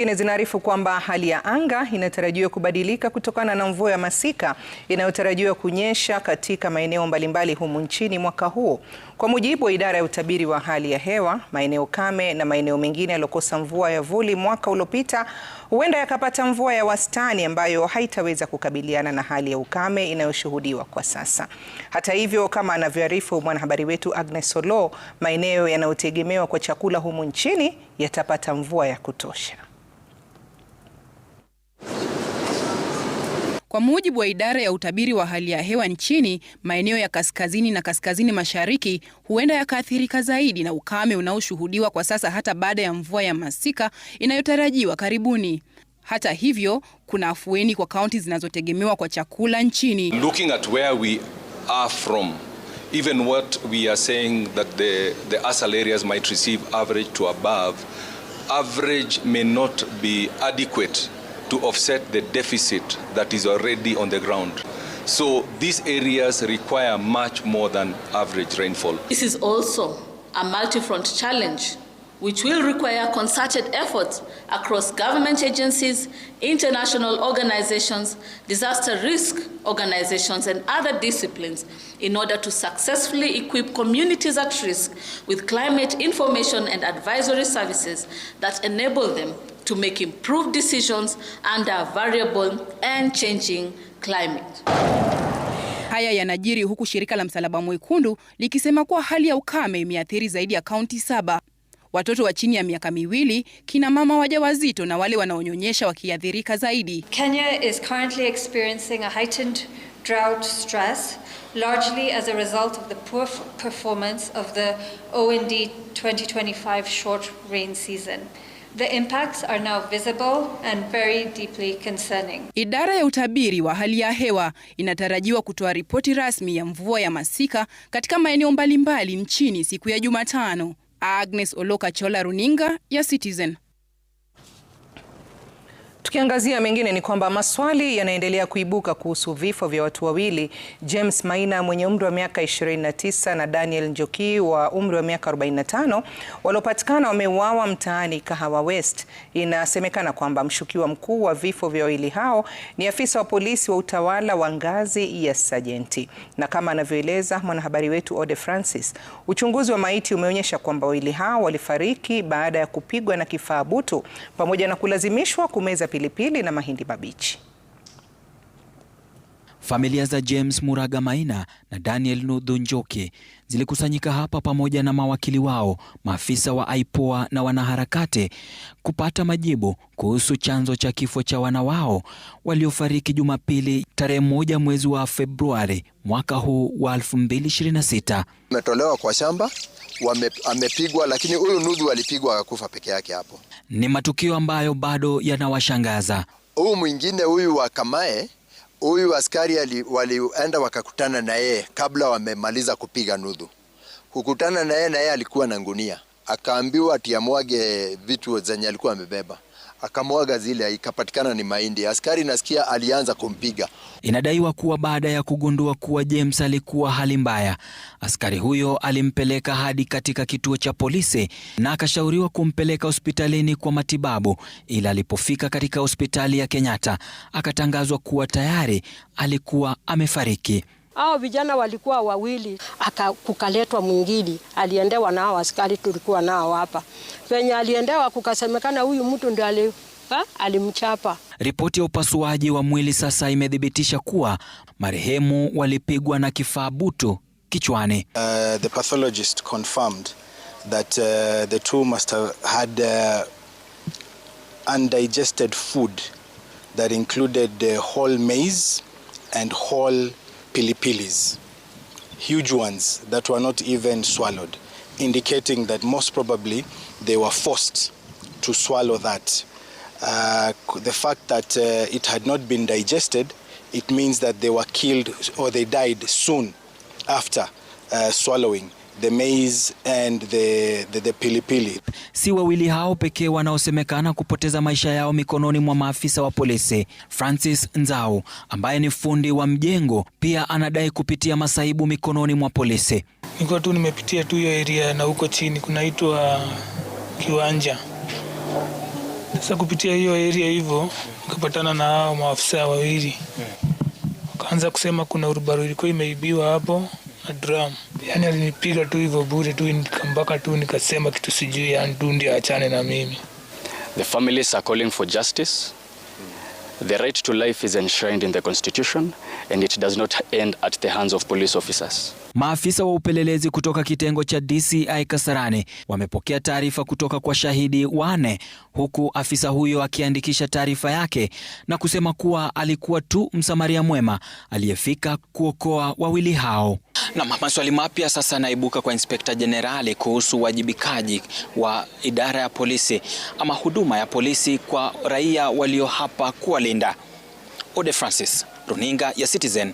Nyingine zinaarifu kwamba hali ya anga inatarajiwa kubadilika kutokana na mvua ya masika inayotarajiwa kunyesha katika maeneo mbalimbali humu nchini mwaka huu. Kwa mujibu wa idara ya utabiri wa hali ya hewa, maeneo kame na maeneo mengine yaliyokosa mvua ya vuli mwaka uliopita huenda yakapata mvua ya wastani ambayo haitaweza kukabiliana na hali ya ukame inayoshuhudiwa kwa sasa. Hata hivyo, kama anavyoarifu mwanahabari wetu Agnes Solo, maeneo yanayotegemewa kwa chakula humu nchini yatapata mvua ya kutosha. Kwa mujibu wa idara ya utabiri wa hali ya hewa nchini, maeneo ya kaskazini na kaskazini mashariki huenda yakaathirika zaidi na ukame unaoshuhudiwa kwa sasa hata baada ya mvua ya masika inayotarajiwa karibuni. Hata hivyo, kuna afueni kwa kaunti zinazotegemewa kwa chakula nchini. Looking at where we are from, even what we are saying that the, the ASAL areas might receive average to above, average may not be adequate to offset the deficit that is already on the ground. So these areas require much more than average rainfall. This is also a multi-front challenge which will require concerted efforts across government agencies, international organizations, disaster risk organizations, and other disciplines in order to successfully equip communities at risk with climate information and advisory services that enable them to make improved decisions under a variable and changing climate. Haya yanajiri huku shirika la Msalaba Mwekundu likisema kuwa hali ya ukame imeathiri zaidi ya kaunti saba watoto wa chini ya miaka miwili, kina mama wajawazito na wale wanaonyonyesha wakiathirika zaidi. Kenya is currently experiencing a heightened drought stress largely as a result of the poor performance of the OND 2025 short rain season. The impacts are now visible and very deeply concerning. Idara ya utabiri wa hali ya hewa inatarajiwa kutoa ripoti rasmi ya mvua ya masika katika maeneo mbalimbali nchini siku ya Jumatano. Agnes chola runinga ya Citizen. Tukiangazia mengine ni kwamba maswali yanaendelea kuibuka kuhusu vifo vya watu wawili, James Maina mwenye umri wa miaka 29 na Daniel Njoki wa umri wa miaka 45 waliopatikana wameuawa mtaani Kahawa West. Inasemekana kwamba mshukiwa mkuu wa vifo vya wawili hao ni afisa wa polisi wa utawala wa ngazi ya sajenti, na kama anavyoeleza mwanahabari wetu Ode Francis, uchunguzi wa maiti umeonyesha kwamba wawili hao walifariki baada ya kupigwa na kifaa butu pamoja na kulazimishwa kumeza pilipili na mahindi mabichi. Familia za James Muraga Maina na Daniel Nudhu Njoki zilikusanyika hapa pamoja na mawakili wao, maafisa wa IPOA na wanaharakati kupata majibu kuhusu chanzo cha kifo cha wana wao waliofariki Jumapili tarehe moja mwezi wa Februari mwaka huu wa 2026. Umetolewa kwa shamba wame, amepigwa lakini huyu Nudhu alipigwa akakufa peke yake hapo. Ni matukio ambayo bado yanawashangaza. Huyu mwingine huyu wa Kamae huyu askari walienda wakakutana na yeye kabla wamemaliza kupiga nudhu, kukutana na yeye na yeye alikuwa na ngunia akaambiwa ati amwage vitu zenye alikuwa amebeba akamwaga zile, ikapatikana ni mahindi. Askari nasikia alianza kumpiga. Inadaiwa kuwa baada ya kugundua kuwa James alikuwa hali mbaya, askari huyo alimpeleka hadi katika kituo cha polisi na akashauriwa kumpeleka hospitalini kwa matibabu, ila alipofika katika hospitali ya Kenyatta akatangazwa kuwa tayari alikuwa amefariki. Hao vijana walikuwa wawili, akakukaletwa mwingine aliendewa na hao askari tulikuwa nao hapa. Penye aliendewa kukasemekana huyu mtu ndio ali alimchapa. Ripoti ya upasuaji wa mwili sasa imethibitisha kuwa marehemu walipigwa na kifaa butu kichwani. Uh, the pathologist confirmed that uh, the two must have had uh, undigested food that included uh, whole maize and whole pilipilis, huge ones that were not even swallowed, indicating that most probably they were forced to swallow that. Uh, the fact that uh, it had not been digested, it means that they were killed or they died soon after uh, swallowing. The maize and the, the, the pilipili. Si wawili hao pekee wanaosemekana kupoteza maisha yao mikononi mwa maafisa wa polisi. Francis Nzau ambaye ni fundi wa mjengo pia anadai kupitia masaibu mikononi mwa polisi. Nilikuwa tu nimepitia tu hiyo area na huko chini kunaitwa Kiwanja. Sasa kupitia hiyo area hivyo nikapatana na hao maafisa wawili, wakaanza kusema kuna urubaro ilikuwa imeibiwa hapo drum. Yani alinipiga tu hivyo bure tu, mpaka tu nikasema kitu sijui, yani tu ndio achane na mimi. The families are calling for justice. The right to life is enshrined in the constitution and it does not end at the hands of police officers. Maafisa wa upelelezi kutoka kitengo cha DCI Kasarani wamepokea taarifa kutoka kwa shahidi wane, huku afisa huyo akiandikisha taarifa yake na kusema kuwa alikuwa tu msamaria mwema aliyefika kuokoa wawili hao. Na maswali mapya sasa naibuka kwa Inspekta Jenerali kuhusu uwajibikaji wa idara ya polisi ama huduma ya polisi kwa raia walio hapa kuwalinda. Ode Francis, Runinga ya Citizen.